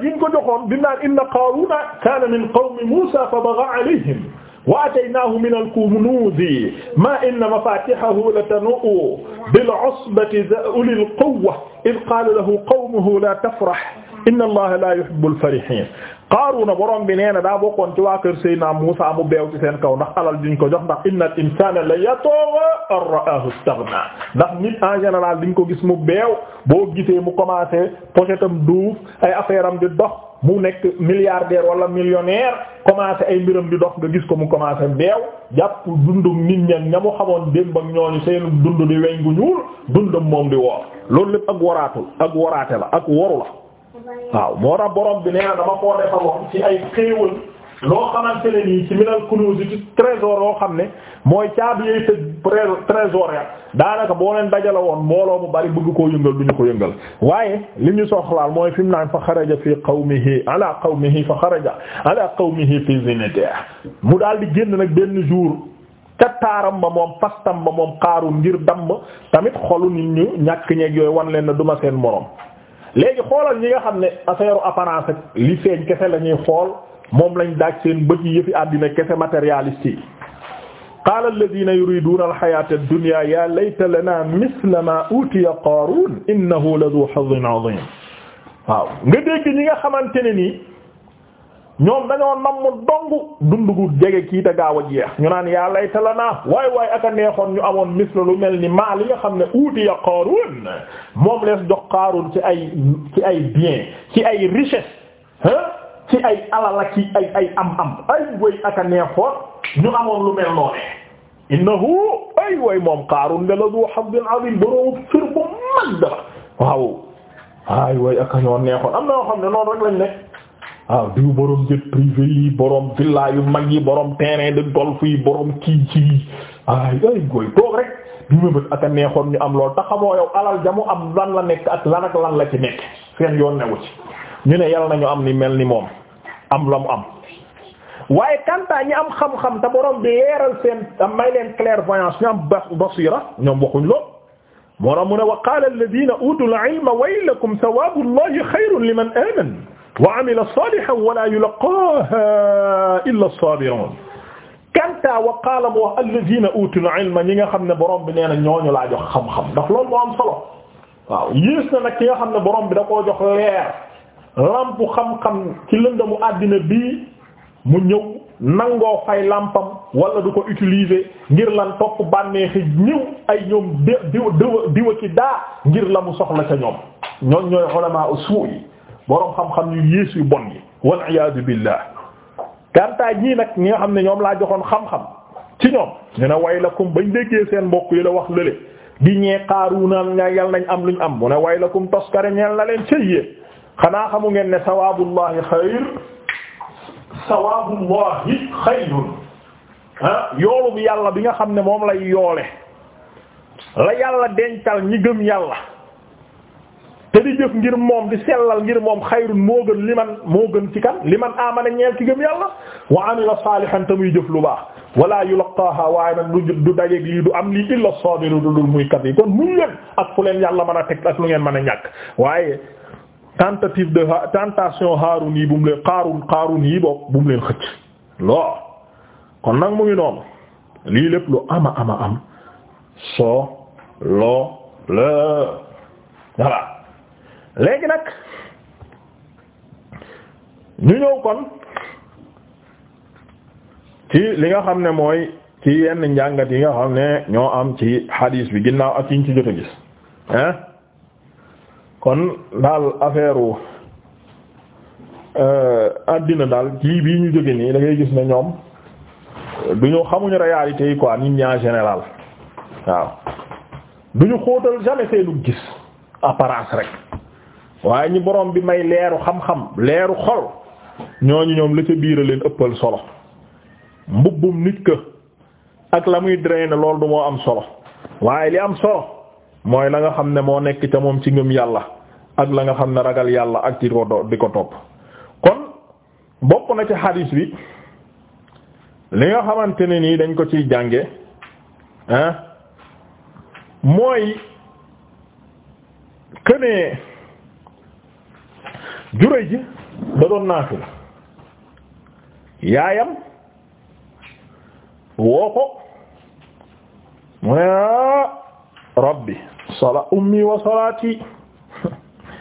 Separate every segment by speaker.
Speaker 1: alal ji ñu ko joxoon di naan inna qaaruna kaana min qawmi Muusaa fa baghaa alayhim wa ataynaahu min al-kunuuzi maa inna mafaatihahu latanuu'u bil-'usbati ulil quwwati idh qaala lahu qawmuhu laa tafrah inna allaha la yuhibbul farihin qaaruuna borom bi nee na daa bokkoon ci waa kër Seydina Muusaa mu beew ci seen kaw ndax alal diñ ko jox ndax inna al insana la yatagha an ra'ahu istaghna ndax nit en général diñ ko gis mu beew boo gisee mu commencé pochetam duuf ay affaire am di dox mu nekk milliardaire wala millionnaire commencé ay mbiram di dox nga gis ko mu commencé beew jàpp dundum nit ña ña mu xamoon démb ak ñooñu seen dund di weñ gu ñuul dundam moom di woor loolu lépp ak waraatul ak waraate la ak woru la waaw moo tax borom bi nee na dama koo defaloon ci ay xéewal loo xamante ne nii ci minal kunuuz ci trésor yoo xam ne mooy caabi yooyu te trésor ya daanaka boo leen dajale woon mbooloo mu bari bëgg koo yëngal du ñu ko yëngal waaye li ñu soxlaal mooy fi mu naan fa xaraja fi qawmihi ala qawmihi fa xaraja ala qawmihi fi zinatihi mu daal di génn nag benn jour ca taaram ba moom fastam ba moom xaarul ngir damm tamit xolu nit ñu ñàkk ñeeg yooyu wan leen na duma seen moroom léegi xoolal ñi nga xam ne affaire apparence ak li feeñ kese la ñuy xool moom lañ daaj seen bët yi yëfi àddina kese matérialiste yi qaala alladina yuriduna alxayata ad-dunya ya layta lana misla ma utiya qaarun innahu la du hazin azim waaw nga ñoom dañoo namm dong dund gu jege kii te gaaw a jeex ñu naan yaa layta lanaa waay waay ak neexoon ñu amoon misla lu mel ni maa li nga xam ne uuti ya Qaaruun moom lees jox Qaaruun ci ay ci ay bien ci ay richesse hein ci ay alal ak ci ay ay am-am ay way ak neexoon ñu amoon lu mel noonu innahu ay way moom Qaaruun de la du hazzin azim boroom fir waaw ay way ak a ñoo neexoon am na yoo xam ne noonu lañ waaw ah diw borom jet privé yi borom villa yu mag yi borom terrain de golf yi borom kii ci ay ay goy toog rek bi ma ak a neexoon ñu am lool te xamoo yow alal jamu am lan la nekk ak lan ak lan la ci nekk seen yoon newu ci ñu ne yàlla nañu am ni mel ni moom am la mu am waaye kantaa ñi am xam-xam te borom bi leeral seen may leen clairvoyance ñu am basira ñoom waxuñ lool moo tax wa qaala alladhiina utul ilma waylakum thawaabu llahi khayrun liman aamana wa amila salihan wala yulqaaha illa as-sabirun kanta wa qaala mu wax alladina utul ilma ñi nga xam ne borom bi nee na ñooñu laa jox xam-xam ndax loolu moo am solo waaw yées na nag ki nga xam ne borom bi da koo jox leer lampu xam-xam ci lëndamu àddina bii mu ñëw nangoo fay lampam wala du ko utiliser ngir lan topp bànneexi ñëw ay ñoom diw diw diwa ci daa ngir la mu soxla ca ñoom ñoom ñooy ulama usul boroom xam-xam yu yées yu bon yi wal iyaadu billah kantaa ñii nag ñi nga xam ne ñoom laa joxoon xam-xam ci ñoom ñu ne waylakum bañ déggee seen mbokk yi la wax lële di ñee xaaru naan ña yal nañ am luñ am mu ne waylakum toskare ñeel la leen cëy xanaa xamu ngeen ne sawaabullahi xayr sawaabullahi xayrun ah yoolu yàlla bi nga xam ne moom lay yoole la yàlla dencal ñi gëm yàlla te di jëf ngir moom di sellal ngir moom xayrun moo gën li man moo gën ci kan li man amana ngeen ci gëm yàlla wa amila salihan te muy jëf lu baax wala yulqaaha waaye nag du du dajeeg lii du am lii illa sabiru du dul muy kat yi kon muñ leen ak fu leen yàlla mën a teg ak lu ngeen mën a ñàkk waaye tentative de tentation Haarun yi bu mu leen Qaarun Qaarun yi boobu bu mu leen xëcc loo kon nag mu ngi noonu lii lépp lu ama ama am soo loo la voilà léegi nag ñu ñëw kon ci li nga xam ne mooy ci yenn njàngat yi nga xam ne ñoo am ci hadis bi ginnaaw ak yiñ ci jot a gis hein kon daal affaire wu euh, àddina daal kii bii ñu jóge nii dangay gis ne ñoom du ñu xamuñu réalité yi quoi nit ñi général waaw du ñu xóotal jamais seenu gis apparence rek waaye ñi borom bi may leeru xam-xam leeru xol ñooñu ñoom la ci biir a leen ëppal solo mbubbum nit ka ak la muy drainer loolu du moo am solo waaye li am solo mooy la nga xam ne moo nekk ca moom ci ngëm yàlla ak la nga xam ne ragal yàlla ak di ko do di ko topp kon bokk na ci hadis bi li nga xamante ne nii dañ ko ciy jànge ah mooy kënee Juray ji da doon naafila yaayam woo ko mu ne ah, rabbi sala ummi wa salaati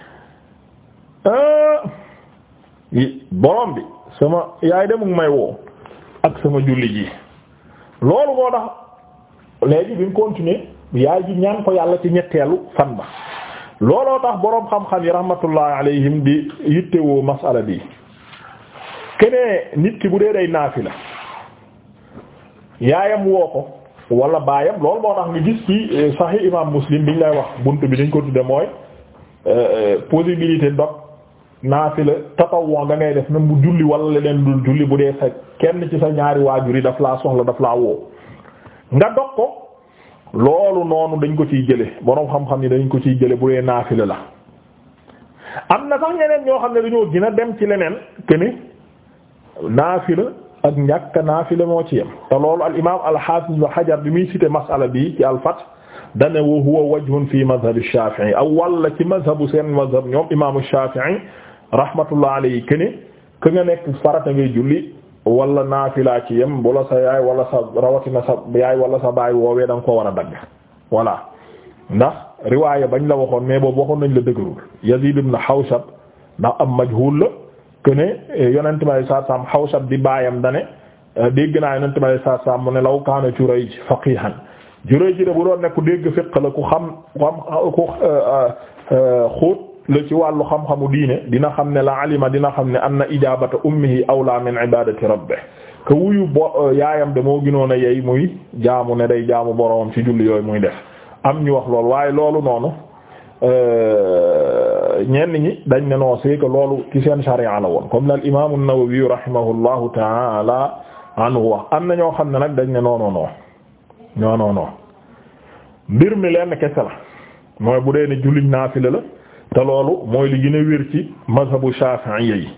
Speaker 1: ah, borom bi sama yaay de mu ngi may woo ak sama julli ji loolu moo tax léegi bi mu continuer yaay ji ñaan ko yàlla ci ñetteelu fan ba looloo tax boroom xam-xam yi rahmatullahi alayhim di yittewoo masala bi kenee nit ki bu dee day naafila yaayam woo ko wala baayam loolu moo tax nga gis ci eh, sahih imam muslim biñ lay wax bunt bi dañ ko tudde mooy eh, eh, possibilité ndox naafila tatawwu nga ngay def même bu julli wala leneen dul julli bu dee sa kenn ci sa ñaari waajur yi daf laa soxla daf laa woo nga dog ko loolu noonu dañ ko ciy jële boroom xam-xam ni dañ ko ciy jële bu dee naafila la am na sax ñeneen ñoo xam ne dañoo gën dem ci leneen que ni naafila ak ñàkk naafila moo ci yem te loolu al imaam al hafiz ibn hajar bi muy cité masala bi ci al fath dane wa huwa wajhun fi madhhab ash-shafi'i aw walla ci madhabu seen madhab ñoom imaamu shafi'i rahmatullah alayhi que ne que nga nekk farata ngay julli wala naafilaa ci yem bu la sa yaay wala sa rawatina sa yaay wala sa baay woowee da ko war a dagg voilà ndax riwaaya bañ la waxoon mais boobu waxoon nañ la dëgërul Yazid ibn Hawshab ndax am majhul la que ne eh, yonent bi saa xaw Hawshab di baayam dane eh, dégg naa yonent bi saa saam mu ne law kaana Jurayj faqihan Jurayj de bu doon nekk dégg fiq la ku xam ku xam ku eh, xóot la ci wàllu xam-xamu diine dina xam ne la alima dina xam ne anna ijaabata ummihi awla min ibadati rabbih ke wuyu bo euh, yaayam de moo gënoon a yey muy jaamu ne day jaamu boroomam ci julli yooyu muy def am ñu wax loolu waaye loolu noonu euh, ñenn ñi dañ ne non c'est loolu ci seen sharia la woon kom la al imam an-Nawawi rahimahullahu ta'ala anhu wax am na ñoo xam ne nag dañ ne non non mbir mi lenn kese la mooy bu dee ne julliñ naafila la te loolu mooy li gën a wér ci mazhabu Shafi'i yi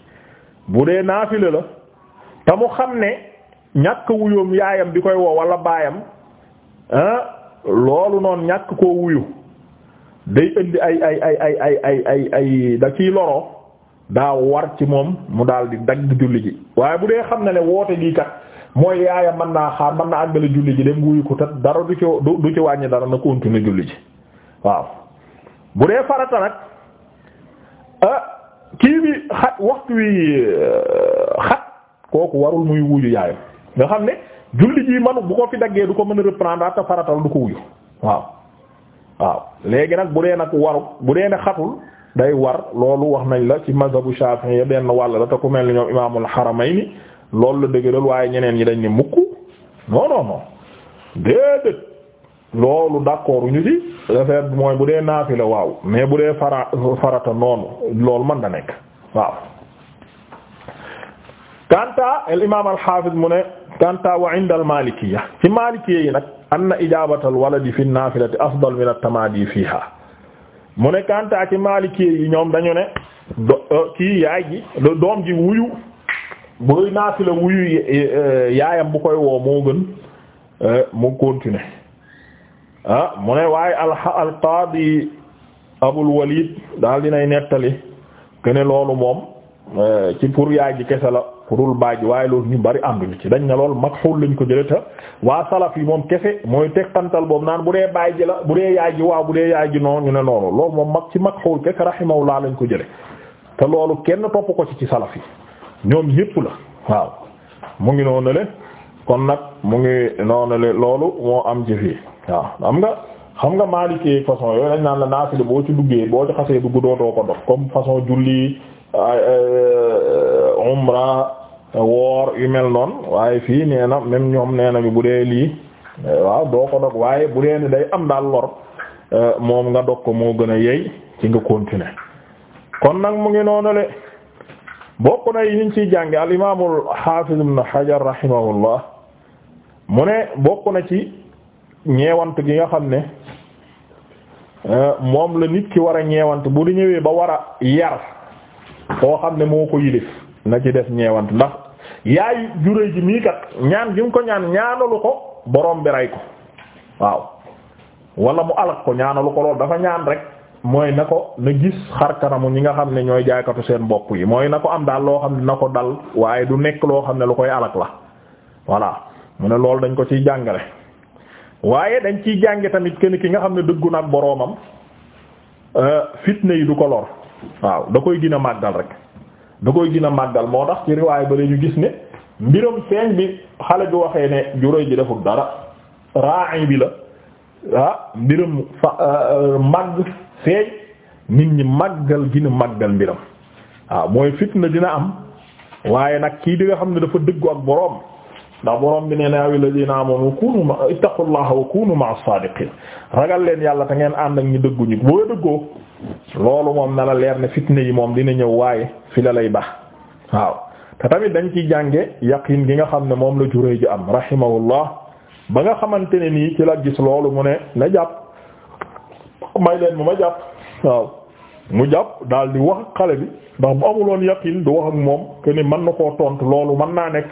Speaker 1: bu dee naafila la te mu xam ne ñàkk wuyoom yaayam bi koy woo walla baayam ah loolu noonu ñàkk koo wuyu day indi ay ay ay ay ay ay ay ay da ciy loroo daa war ci moom mu daal di dagg julli ji waaye bu dee xam na ne woote gi kat mooy yaayam man naa xaar man naa àggale julli ji dem wuyu ko te dara du ci wàññi dara na continuer julli ji waaw bu dee farata nag. Ah, kii bi xat waxtu wi euh, xat kooku warul muy wuyu yaayam nga xam ne julli ji manu bu ko fi daggee du ko mën a reprendre ata faratal du ko wuyu waaw waaw léegi nag bu dee nag waru bu dee ne xatul day war loolu wax nañ la ci bu Shafi'i ya benn wàll la te ku mel ni ñoom imaamul Haramayni loolu la dëgëral waaye ñeneen yi dañ ne mukk non non non loolu d'accord ñu ci affaire bi mooy bu dee naafila waaw mais bu dee fara farata noonu loolu man na nekk waaw kanta al imam al hafiz mu ne kanta wa inda al malikiya ci malikiya yi nag anna ijabata al waladi fi nafilati afdal min at tamadi fiha mu ne kanta ci malikiya yi ñoom dañu ne kii yaay ji doom ji wuyu buy naafila wuyu yaayam bu koy woo moo gën mu continuer ah mu ne waaye al qaadi abul walid daal dinay nettali kene loolu moom eh, ci pour yaay ji kese la pourul baaji waaye loolu ñu bari ànduñu ci dañ ne loolu maxuul lañ ko jëlee te waa salaf yi moom kese mooy tegtantal boobu naan bu dee baay ji la bu dee yaay ji waaw bu dee yaay ji noonu ñu ne noonu loolu moom mag ci maxuul kese laa lañ ko jële te loolu kenn topp ko ci ci salaf yi ñoom ñépp la waaw mu ngi noonu le kon nag mu ngi noonu le loolu am ci fii waaw xam nga xam nga maalikee façon yooyu dañ naan la naafile boo ci duggee boo ci xasee dugg dootoo ko dox comme façon julli euh, umra woor yu mel noon waaye fii nee na ñoom nee nañu bu dee lii euh, waaw doo ko dog waaye bu dee ni day am daal lor euh, moom nga dog ko moo gën a yey ci nga continuer kon nag mu ngi noonale bokk na yi ñu ciy jànge al imaamul hafiz ibn hajar rahimahullah mu ne bokk na ci ñeewant gi nga xam ne euh, moom la nit ki war a ñeewant bu di ñëwee ba war a yar koo xam ne moo ko yilif na ci def ñeewant ndax yaay juree ji mii kat ñaan gi mu ko ñaan ñaanalu ko borom bi rey ko waaw wala mu alak ko ñaanalu ko lool dafa ñaan rek mooy na ko na gis xar kanamu ñi nga xam ne ñooy jaaykatu seen bopp yi mooy na ko am daal loo xam ne na ko dal waaye du nekk loo xam ne lu koy alak la voilà mu ne loolu dañ ko ciy jàngale waaye dañ ci jànge tamit kenn ki nga xam ne dëggu nag boroomam euh, fitna yi du ko waaw da koy gën a màggal rek da koy gën a màggal moo tax ci riwaay ba la ñu gis ne mbiram feeñ bi xale bi waxee ne juróy ji deful dara ra'i bi la mbiram euh, màgg feeñ nit ñi màggal gën màggal mbiram waaw mooy fitna dina am waaye nag kii di nga xam ne dafa dëggu ak boroom ndax borom bi nee na awi ladina amanu kunu ma ittaqullaha wa kunu ma as ragal leen yàlla te ngeen ànd ak ñu dëggu ñu boo dëggoo loolu moom na la leer ne fitne yi moom dina ñëw waaye fi la lay baax waaw te tamit dañ ciy jànge yaqin gi nga xam ne moom la juree ji am rahimahullah ba nga xamante ne nii ci la gis loolu mu ne na jàpp may leen mu ma jàpp waaw mu jàpp daal di wax xale bi ndax bu amuloon yaqin du wax ak moom que ni mën na koo tontu loolu mën naa nekk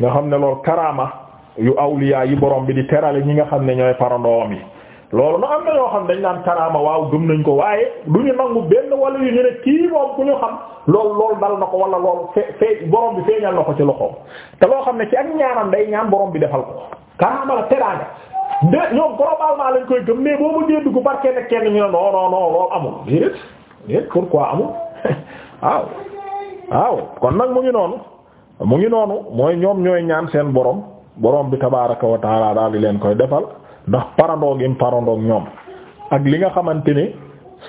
Speaker 1: nga xam ne lool karaama yu awliyaa yi borom bi di terale ñi nga xam ne ñooy parandoom yi loolu nag am na yoo xam dañ naan karaama waaw gëm nañ ko waaye du ñu nangu benn wala yu ñu ne kii moom ku ñu xam loolu loolu dal na ko wala loolu fee fee borom bi feeñal na ko ci loxoom te loo xam ne ci ak ñaanam day ñaan boroom bi defal ko karaama la teraanga de ñoom globalement lañ koy gëm mais boo ma dugg par kenn kenn ñu ne non non non loolu kon nag mu noonu. mu ngi noonu mooy ñoom ñooy ñaan seen borom borom bi tabaaraka wa taala di leen koy defal ndax parandoog im parandoog ñoom ak li nga xamante ni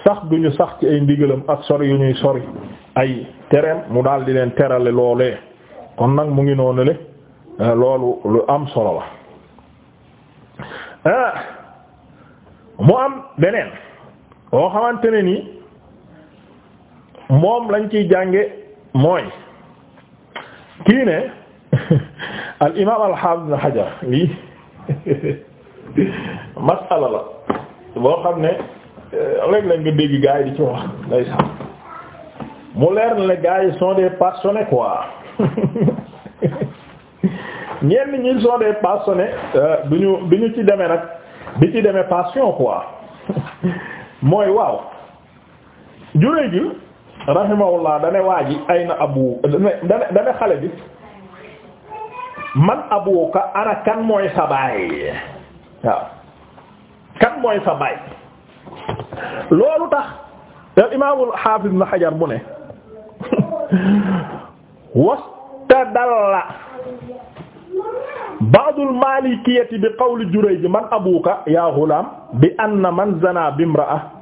Speaker 1: sax ñu sax ci ay ndigalam ak sori yu ñuy sori ay tereem mu daal leen terale loolee kon nag mu ngi noonu le eh, loolu lu am solo la eh, mu am beneen boo xamante ne ni moom lañ ciy jànge mooy kii ne al imaam al haafiz ibn Hajar lii boo xam ne euh, léeg-léeg nga dégg gars yi di ci wax lay sax mu leer na ne gars yi sont des passionnés quoi ñenn ñi sont des passionnés euh, du ñu du ñu ci demee nag bi ci demee passion quoi mooy waaw jure rahimahullah dane waa ji ay na abu dane dane xale bi man abuka ana kan mooy sa baay waaw kan mooy sa baay loolu tax al imaamul xaafis na xajar bu ne wastadalla baadul maalikiyati bi qawli jurayj man abuka yaa gulaam bi anna man zana bimra'a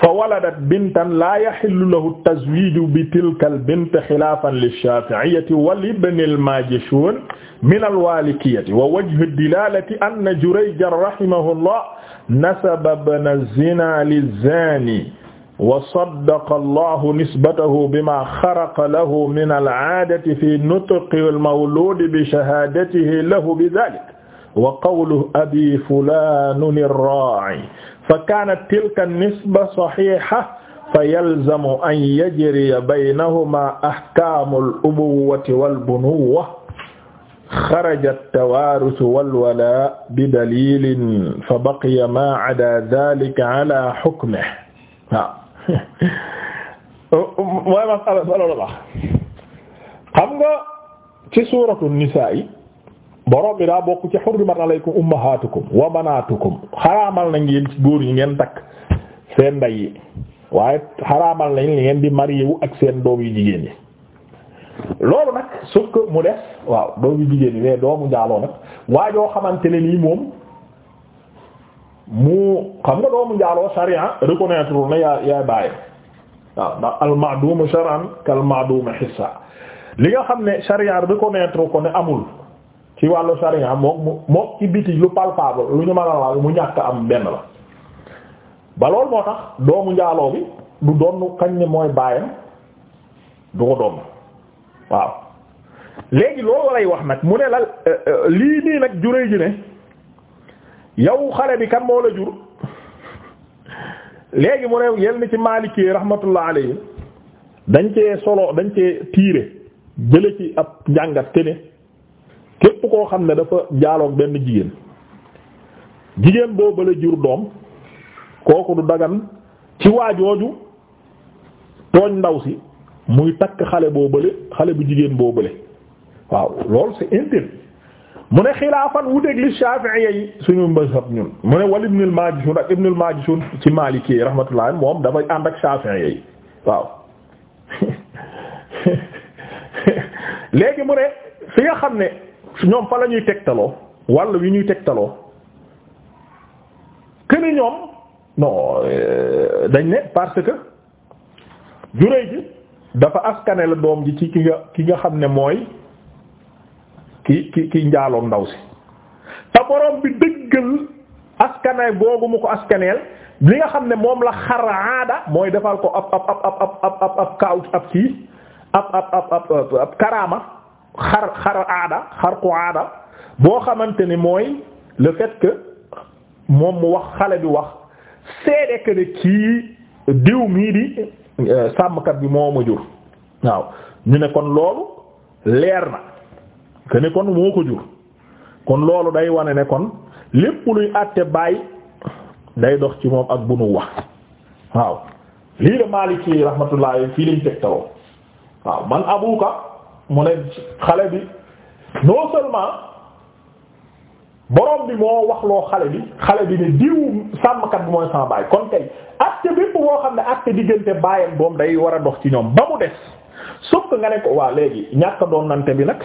Speaker 1: fa waladat bintan laa yaxillu lahu tazwiiju bi tilka al bint xilaafan lishaafi'iyyati wal ibn al maajishuun min al waalikiyyati wa wajhu dilaalati anna jurayjan rahimahullah nasaba ibna zinaa lizzaani wa saddaqa allahu nisbatahu bimaa xaraqa lahu min al caadati fi nutqi al mawluudi bi shahaadatihi lahu bi zaalika wa qawluhu abii fulaanun ar-raaci fa kaanat tilka nisba saxiixa fa yalzamu an yajriya baynahuma ahkaamul ubuwwati wal bunuwwa xaraja tawaaruthu wal walaa bi daliilin fa baqiya maa adaa zaalika alaa hukmihi waaw mooy masala solo la xam nga ci suuratu nisaa yi borom bi daa bokk ci hurrimat alaykum ummahatukum wa banatukum xaraamal nañ yéen ci góor ngeen takk seen ndey yi waaye xaraamal nañ li ngeen di marié wu ak seen doom yu jigéen yi loolu nag sauf mu des waaw doom yu jigéen yi mais doomu njaaloo nag waa joo xamante ne nii moom mu xam nga doomu njaaloo sharia reconnaître na yaa yaa bàyyi waaw ndax al ma'dum li nga xam ne sharia reconnaître ko ne amul ci wàllu sharia mook mook ci biti lu palpable lu ñu mën a mu ñàkk am benn la ba loolu moo tax doomu njaaloo bi du doon kañ ne mooy baayam du ko doom waaw léegi loolu lay wax nag mu ne la euh, euh, lii nii nag juree ji ne yow xale bi kan moo la jur léegi mu ne yenn ci Maliki rahmatullah alayhi dañ cee solo dañ cee tiire jële ci ab njàngat te képp koo xam ne dafa jaaloog benn jigéen jigéen boobu la jur doom kooku du dagan ci waajooju tooñ ndaw si muy takk xale boo bële xale bu jigéen boo bële waaw loolu c'est interdit mu ne xilaafan wuteeg li Shafi'i yi suñu mazhab ñun mu ne wal Ibnul Majishun ak Ibnul Majishun ci Maliki yi moom dafay ànd ak Shafi'i yi waaw léegi mu ne fi nga xam ne ñoom fa la ñuy tegtaloo wàll wi ñuy tegtaloo këni ñoom non dañ ne parce que juróoy ji dafa askane la doom ji ci ki nga ki nga xam ne mooy ki ki ki njaaloon ndaw si te borom bi dëggal askane boobu mu ko askaneel li nga xam ne moom la xar mooy defal ko ab ab ab ab ab ab ab kaaw ab karaama xar xar aada xarqu aada boo xamante ni mooy le fait que moom mu wax xale bi wax seede que ne kii diw mii di euh, sàmmkat bi moo ma jur waaw ñu ne kon loolu leer na que ne kon moo ko jur kon loolu day wane ne kon lépp luy àtte bàyyi day dox ci moom ak bu nu wax waaw lii la Maliki rahmatullah fii lañ teg tawoo waaw man abuka mu ne xale bi non seulement borom bi moo wax loo xale bi xale bi ne diw sàmmkat bi mooy sama baay kon tey acte bépp boo xam ne acte diggante baayam doom day war a dox ci ñoom ba mu des sokk nga ne ko waa léegi ñàkk doom nante bi nag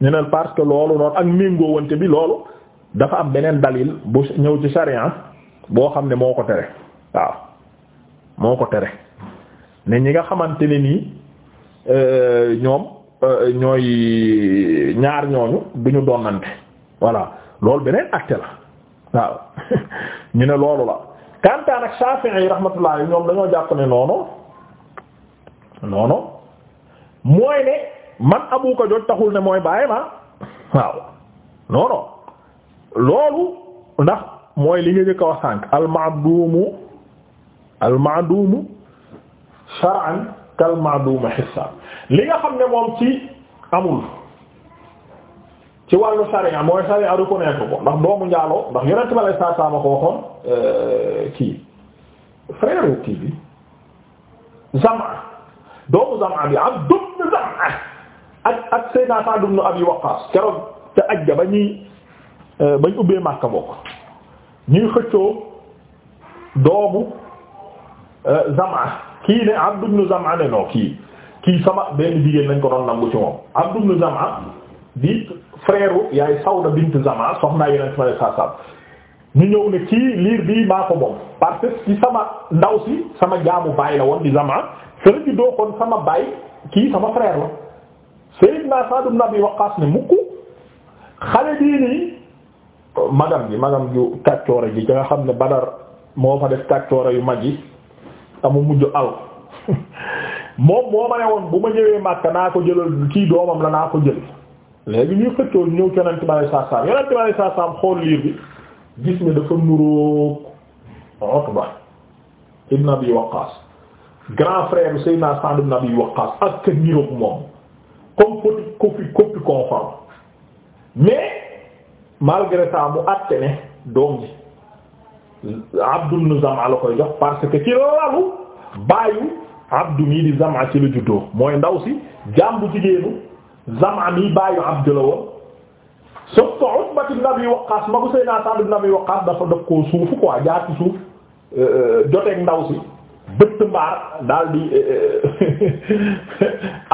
Speaker 1: ñu ne parce que loolu noonu ak mingoowante bi loolu dafa am beneen dalil bu ñëw ci sharia boo xam ne moo ko tere waaw moo ko tere ne ñi nga xamante ne nii Euh, ñoom euh, ñooy ñaar ñooñu du ñu donnante voilà loolu beneen acte la waaw ñu ne loolu la kantaan ak Shafi'i rahmatullah yi ñoom dañoo jàpp ne noono noono mooy ne man abu ko joj taxul ne mooy bàyyi ma ah. waaw noono loolu ndax mooy li nga jëkk a wax sànq al ma'dumu kal ma'duma xisaan li nga xam ne moom ci amul ci wàllu sariya mooy sariya reconnaître ko ndax doomu njaaloo ndax yonent ba lay saa saa ma ko waxoon euh, kii frère kii bi Zam'a doomu Zam'a bi Abdu ibn Zam'a ak ak Seydina Sa'd ibn Abi Waqqas keroog te ajja ba ñuy euh, bañ ubbee Makka bokk ñuy xëccoo doomu euh, Zam'a kii ne Abdu ibn Zam'a ne non kii kii sama benn jigéen nañ ko doon nangu ci moom Abdu ibn Zam'a bi frère yaay Sawda bint Zam'a soxnaa yeneen sama saa saa ñu ñëw ne kii liir bii maa ko moom parce que ci sama ndaw si sama jaamu baay la woon di Zam'a fële ci dookoon sama baay kii sama frère la Sayyidna Sa'd ibn Abi Waqqas ne mukk xale bii nii magam gi magam ju kàccoore gi nga xam ne Badar moo fa def kàccoore yu mag yi. te mu mujj al moom moo ma ne woon bu ma ñëwee Makka naa ko jëlal kii doomam la naa ko jël léegi ñuy xëccoo ñëw ci Yonent bi sallallahu alayhi wasallam Yonent bi xool liir bi gis ne dafa nuroog Utba ibn Abi Waqqas grand frère Seydina Sa'd ibn Abi Waqqas ak ka niroog moom comme copie copie copie conforme mais malgré ça mu àtte ne doom ji Abdu ibn Zam'a la koy jox parce que ci lalu baayu Abdu mii di Zam'a ci la juddoo mooy ndaw si jàmbu jigéenu Zam'a mii baayu Abdu la woon sauf que Utba ibn Abi Waqqas magu Seydina Sa'd ibn Abi Waqqas dafa def suufu quoi jaar ci suuf euh, euh, joteeg ndaw si bëtt mbaar daal di euh,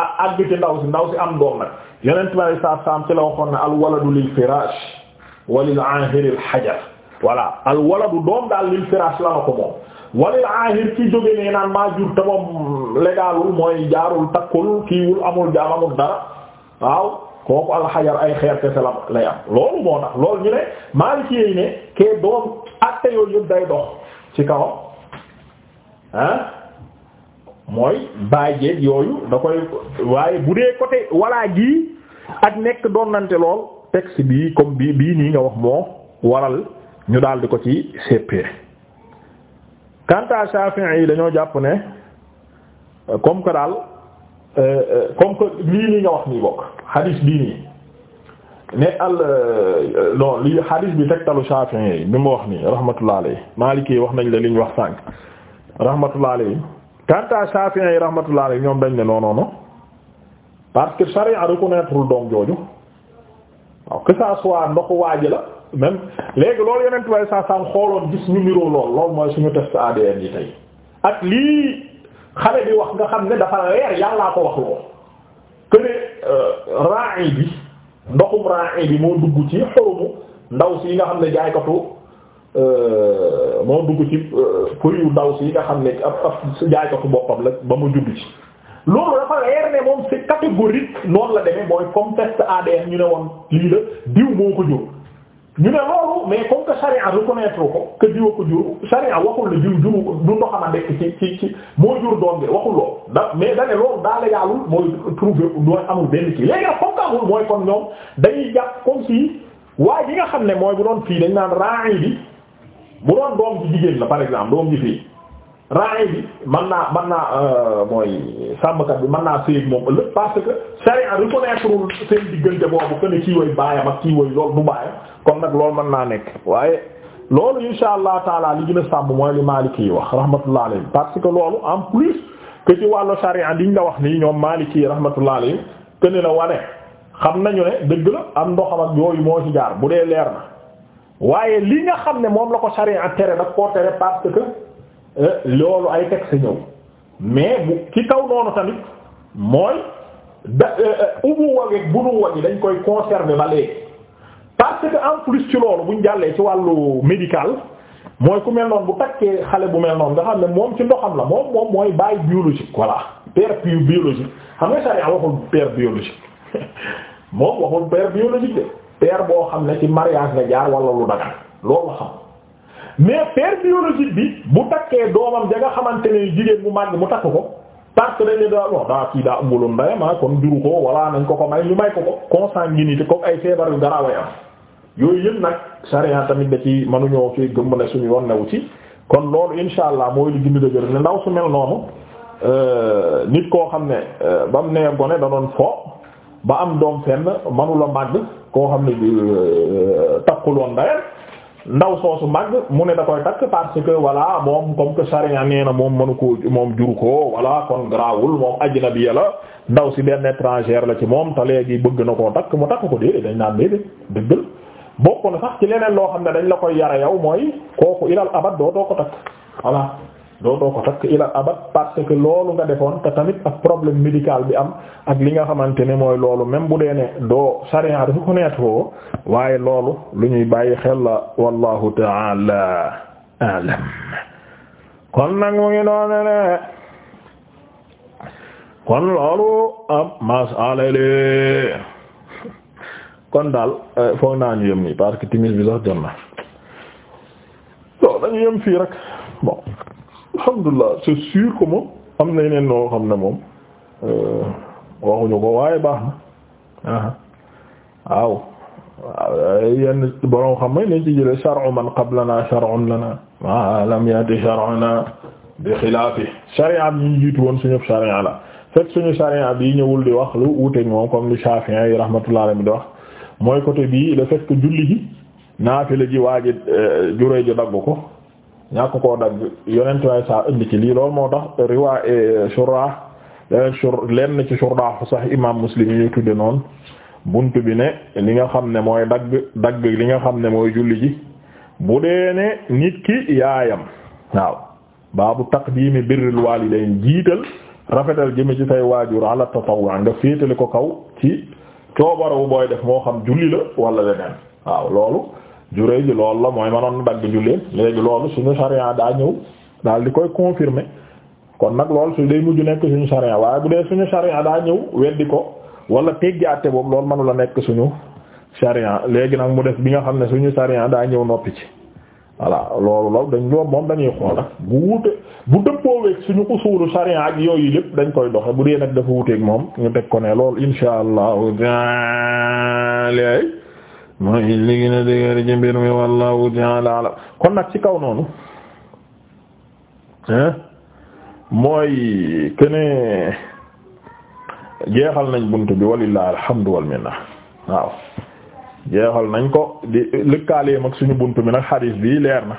Speaker 1: àgg ci ndaw si ndaw si am doom nag yeneen tubaab yi saa saam ci la waxoon lil firaash wa lil al hajar voilà al waladu doom daal lil firaas la na ko moom walil aahir ci jóge nee naan maa jur te moom mooy jaarul takkul kiiwul amul jaam amul dara waaw kooku alxajar ay xeer kese la lay am loolu moo tax loolu ñu ne Maliki yi ne kee doom atte yooyu yëpp day dox ci kawam ah mooy bàyyeeg yooyu da koy waaye bu dee côté walaa gi ak nekk doon nante lool texte bii comme bii bii nii nga wax moo waral ñu daal di ko ci seppee kanta Shafi'i yi dañoo jàpp ne comme que daal euh, euh, comme que lii nii nga wax nii bokk hadis bii nii ne al euh, non lii hadis bi tegtalu Shafi'i yi bi mu wax nii rahmatullah alayhi Maliki yi wax nañ la li ñu wax sànq rahmatullah alayhi kanta Shafi'i yi rahmatullah alayhi ñoom dañ ne non non non parce que charia reconnaître doom jooju waaw que ça soit ndoxu waaji la même léegi loolu yeneen tubaab yi saa saa xooloon gis ñu niroo lool lool mooy suñu test ADN yi tey ak lii xale bi wax nga xam ne dafa leer yàllaa ko wax lool que ne euh, bi ndoxum ra'i bi moo dugg ci xoromu ndaw si nga xam ne jaaykatu euh, moo dugg ci euh, përiwu ndaw si nga xam ne ab ab jaaykatu boppam la ba mu judd ci. loolu dafa leer ne moom c'est catégorique noonu la demee mooy comme test ADN ñu ne woon lii la diw moo ko jur. ñu ne loolu mais comme que charia reconnaître ko que diwa ko jur charia waxul la jur jur du ndoxama nekk ci ci ci moo jur doom bi waxul da mais da ne loolu daa la yàllul mooy trouver mooy amul benn kii léegi nag comme amul mooy kon ñoom dañuy jàpp comme si waa ji nga xam ne mooy bu doon fii dañ naan ra'i bi bu doon doom ci jigéen la par exemple doom ji fii raay bi man naa mën naa euh, mooy sàmmkat bi mën naa séeg moom ëllëg parce que sharia reconnaître seen diggante boobu que ne woy baayam ak kii woy loolu bu baayam kon nag loolu mën naa nekk waaye loolu insha allah taala li gën a sàmm mooy li Maliki yi wax rahmatullah alayhi parce que loolu en plus que ci wàllu sharia liñ la wax nii ñoom Maliki yi rahmatullah alayhi que ne la wane xam nañu ne dëgg la am ndoxam ak yooyu moo ci jaar bu dee leer na waaye li nga xam ne moom la ko sharia tere da koo tere Euh, loolu ay teg sa ñëw mais bu ci kaw noonu tamit mooy da euh, euh, ubu waweeg bu nu waji dañ koy conserver ba léegi parce que en plus ci loolu buñ jàllee ci wàllu médical mooy ku mel noonu bu takkee xale bu mel noonu nga xam ne moom ci ndoxam la moom moom mooy baay biologique voilà père biologique xam nga sari a waxul père biologique moom waxul père biologique de père boo xam ne ci mariage la jaar wala lu dagan loolu la xam mais père biologique bi bu takkee doomam da nga xamante ne jigéen mu màgg mu takk ko parce que dañ ne daa wax daa kii daa ëmbaloon ndeyam ah kon juru ko walla nañ ko ko may lu may ko ko consanguinité ko ay feebar yu garaaway am yooyu yëpp nag sharia tamit da ci mënuñoo ci gëmb ne suñu yoon newu ci kon loolu insha allah mooy li gën a dëgër ne ndaw su mel noonu euh, nit koo xam ne euh, ba mu nee gone da doon fo ba am doom fenn manula màgg koo xam ne euh, takkuloon ndeyam ndaw soosu mag mu ne da koy takk parce que voilà moom comme que sariya nee na moom mënu ko moom juru ko voilà kon grawul moom ajnabi la ndaw si benn étrangère la ci moom te léegi bëgg na koo takk mu takk ko déedéet dañ naan déedéet dëggal bokk na sax ci leneen loo xam ne dañ la koy yara yow mooy kooku ilal abad doo doo ko takk voilà dootoo ko takk ila abat parce que loolu nga defoon te tamit ak problème médical bi am ak li nga xamante ni mooy loolu même bu dee ne doo sariya dafa ko neet woo waaye loolu lu ñuy bàyyi xel la wallahu ta'ala a'lam kon nag mu ngi noonu ne kon loolu am masalele kon daal eh, foog naa ñu yem nii parce que timis bi sax jot na so dañu yem fii rek alhamdulilah c'est sûr que am na yeneen noo xam ne moom euh, waxuñu ko waaye baax na waaw yenn borom xam may nañ ci jële shar'u man qablana shar'un lana ma lam yati shar'una bi xilaafi sharia bi ñu jiitu woon suñu sharia la fekk suñu sharia bi ñëwul di wax lu wuteek moom comme li Shafi'i yi rahmatullah alayhi di wax mooy côté bii le fait que julli ji naafila ji waaji juree ji euh, dagg ko ñàkk ko dagg yonent waaye saa indi ci lii loolu moo tax riwa eh, shurah lenn ci shurah sax imam muslim yi ñu tudde noonu bunt bi ne li nga xam ne mooy dagg dagg li nga xam ne mooy julli ji bu dee ne nit ki yaayam waaw baabu taqdimi birril walidayn jiital rafetal jëme ci say waajur ala tatawwu nga féetale ko kaw ci coobaru booy def moo xam julli la wala leneen waaw loolu juree ji loolu la mooy manoon na dagg julleen léegi loolu suñu sharia daa ñëw daal di koy confirmer kon nag loolu su day mujj nekk suñu sharia waaye bu dee suñu sharia daa ñëw weddi ko wala teggi àtte boobu loolu mënu la nekk suñu sharia léegi nag mu def bi nga xam ne suñu sharia daa ñëw noppi ci voilà loolu la dañ loolu moom dañuy xool bu wuute bu dëppooweeg suñu usulu sharia ak yooyu yëpp dañ koy doxe bu dee nag dafa wuuteeg moom ñu teg ko ne loolu insha allahu taala mooy li gën a dëgër ci mbir mi wallahu ta'ala alam kon nag ci kaw noonu mooy kene jeexal nañ bunt bi walillahi alhamdu wal minna waaw jeexal nañ ko di lëkkaaleem ak suñu bunt bi nag xadiis bi leer na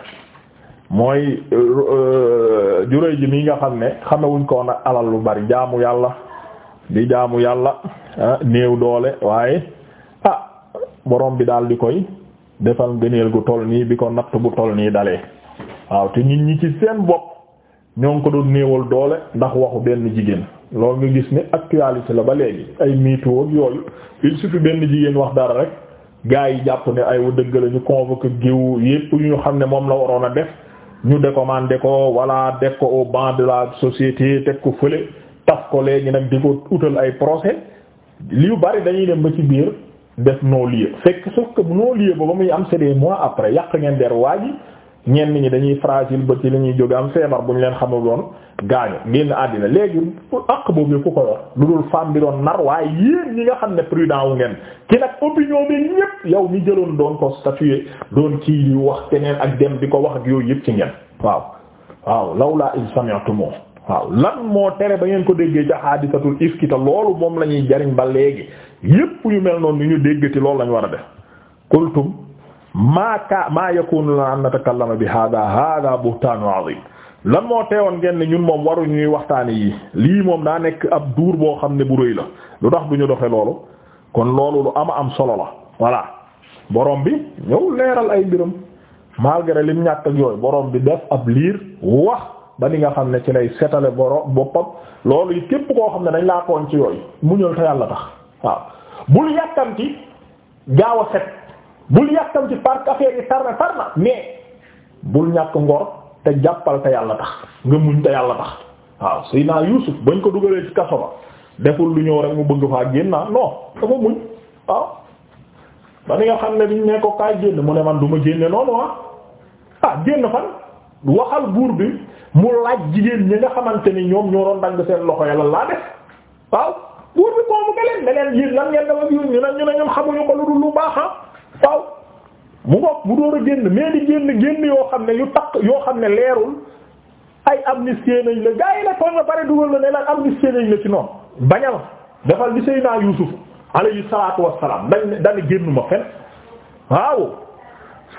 Speaker 1: mooy euh, juróy ji mi nga xam ne xamewuñ ko nag alal lu bari jaamu yàlla di jaamu yàlla néew doole waaye ah borom bi daal di koy defal ngëneel gu toll nii bi ko natt bu toll nii dalee waaw te nit ñi ci seen bopp ñoo ngi ko doon néewal doole ndax waxu benn jigéen loolu nga gis ne actualité la ba léegi ay miito ak yooyu il suffit benn jigéen wax dara rek gars yi jàpp ne ay dëgg la ñu giw géew yépp ñu xam ne moom la waroon a def ñu décommandé ko walla def ko au banc de la société teg ko fële taf ko léegi nag di ko utal ay procès liyu yu bari dañuy dem ba ci biir. def noo lieu fekk sauf que non-lieu ba ba muy am c'est des mois après yàq ngeen der waa ji ñenn ñi dañuy fragile ba ci li ñuy jóge am feebar bu ñu leen xamul woon gaañu génn àddina léegi àq boobu yëpp ku ko yor lu dul femme bi doon nar waaye yéen ñi nga xam ne prudent wu ngeen ki nag opinion bi ñépp yow mi jëloon doon ko statuer doon kii di wax keneen ak dem di ko wax ak yooyu yëpp ci ngeen waaw waaw lawla in sami'tumu waaw lan moo tere ba ngeen ko déggee ca xaadisatul ifki te loolu moom la ñuy jariñ ba léegi yépp yu mel noonu ñu déggati loolu lañu war a def kultum maa ka maa yakunu la an natakallama bi hada hada buhtaanu azim lan moo teewoon ngeen ne ñun moom waru ñuy waxtaane yi lii moom daa nekk ab duur boo xam ne bu rëy la lu tax du ñu doxe loolu kon loolu lu ama am solo la voilà borom bi ñëw leeral ay mbiram malgré ñàkk ak yooyu borom bi def ab liir wax ba ni nga xam ne ci lay setale boro boppam loolu it képp koo xam ne dañ laa tooñ ci yooyu muñal te yàlla tax waaw bul yàkkamti gaaw a set bul yàkkamti par affaire yi tar na bul ñàkk ngor te jàppal te yàlla tax nga muñ te yàlla tax waaw suy naa Yuusuf bañ ko dugalee ci kaso ba deful lu ñëw rek mu bëgg ak génn naa ah, non dafa muñ waaw ba ni nga xam ne biñ ne ko kaay génn mu ne man du ma génne noonu ah ah génn fan waxal buur bi mu laaj jigéen ñi nga xamante ni ñoom ñoo doon dagg seen loxo yàlla laa def waaw buur bi koomu ke leen leneen yéen lan ngeen dafa yun ñu ñu ne ñun xamuñu ko lu dul lu baax ah. waaw mu ngoog mu door a génn mais di génn génn yoo xam ne yu takk yoo xam ne leerul ay amnistie nañ la gaa yi la kon nga pare dugal la ne lan amnistie nañ la ci noonu bañal dafal li Seydina Yuusuf alayhi salaatu wassalaam dañ dañ génnuma fen waaw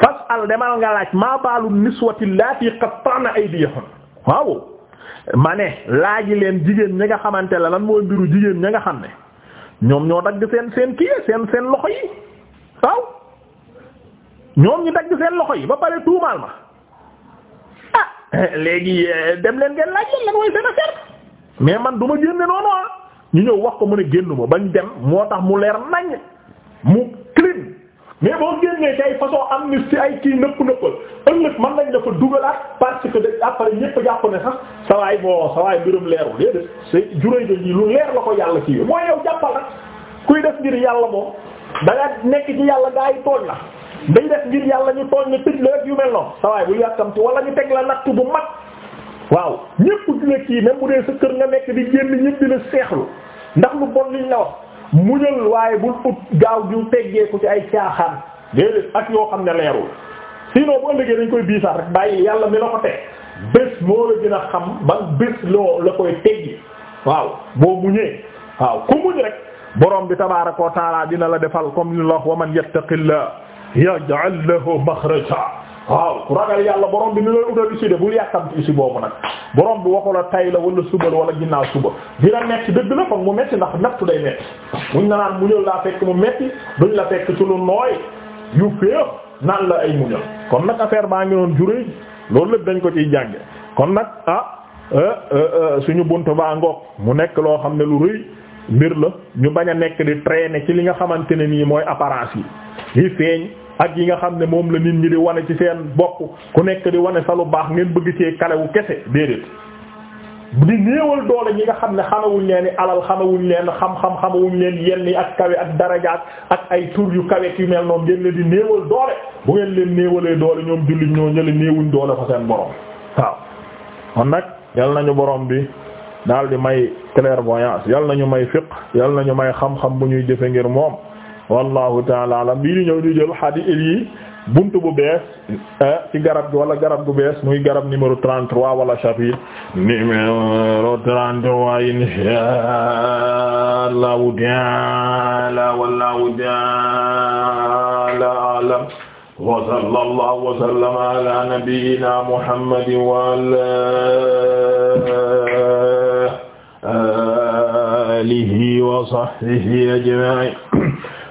Speaker 1: fas al demal nga laaj maa baalu niswati laati qatta'na aydiyahun waaw ma ne laaji leen jigéen ña nga xamante la lan mooy mbiru jigéen ña nga xam ne ñoom ñoo dagg seen seen kii seen seen loxo yi waaw ñoom ñu dagg seen loxo yi ba pare tuumaal ma ah léegi eh, dem leen ngeen laaj leen lan mooy seen affaire mais man duma ma génne noonu ah ñu ñëw wax ko mu ne génn ma bañ dem moo tax mu leer nañ mu clean mais boo génnee kay façon amnistie ay kii nëpp nëppal ëllëg mën nañ dafa dugalaat parce que de après ñépp jàpp ne sax sawaay moo sawaay mbirum leerul déedéet c'est juróoy de lii lu leer la ko yàlla kii mooy yow jàppal nag kuy def ngir yàlla moom da nga nekk ci yàlla gaa yi tooñ la day def ngir yàlla ñu tooñ la tëj la rek yu mel noonu sawaay bul yàkkamti wala ñu teg la natt bu mag waaw ñépp di la kii même bu dee sa kër nga nekk di génn ñépp di la seexlu ndax lu bon liñ la wax muñal waaye bul ut gaaw diw teggeeku ci ay caaxaan déedéet ak yoo xam ne leerul sinon bu ëllëgee dañ koy biisaat rek bàyyi yàlla mi la ko teg bés moo la gën xam ba bés loo la koy teggi waaw boo muñee waaw ku muñ rek borom bi tabaaraka wa taala dina la defal comme ni la wax wa man yattaqillah yaj'al lahu makhraja waaw ku ragal yàlla borom bi ni la utal ussi de bul yàkkamti ussi boobu nag borom bi waxu la tay la wala subal wala ginnaaw suba dina metti dëgg la kon mu metti ndax nattu day metti muñ na naan muñal laa fekk mu metti duñ la fekk ci lu nooy yu féex naan la ay muñal kon nag affaire baa ngi noon juré loolu lépp dañ ko ciy jànge kon nag ah euh, euh, euh, suñu bunt baa ngoog mu nekk loo xam ne lu rëy mbir la ñu bañ a nekk di traîner ci li nga xamante ne nii mooy apparence yi ak yi nga xam ne moom la nit ñi di wane ci seen bopp ku nekk di wane sa lu baax ngeen bëgg cee kalewu kese déedéet di néewal doole ñi nga xam ne xamawuñ leen ni alal xamawuñ leen xam-xam xamawuñ leen yenn yi ak kawe ak darajaat ak ay tur yu kawe yu mel noonu ngeen leen di néewal doole bu ngeen leen néewalee doole ñoom jullit ñoo ñële néewuñ doole fa seen borom waaw kon nag yal nañu boroom bi daal di may clairvoyance yal nañu may fiqh yal nañu may xam-xam bu ñuy jëfe ngir moom wallahu taala alam bii di ñëw ñu jël xadis yi bunt bu bees eh, ci garab gi wala garab gu bees muy garab numéro 33 wala chapitre numéro 33 inshaa Allahu taala wallahu taala alam wa sallallahu wa sallama ala nabiyyina muhammadin wa ala alihi wa sahbihi ajma'in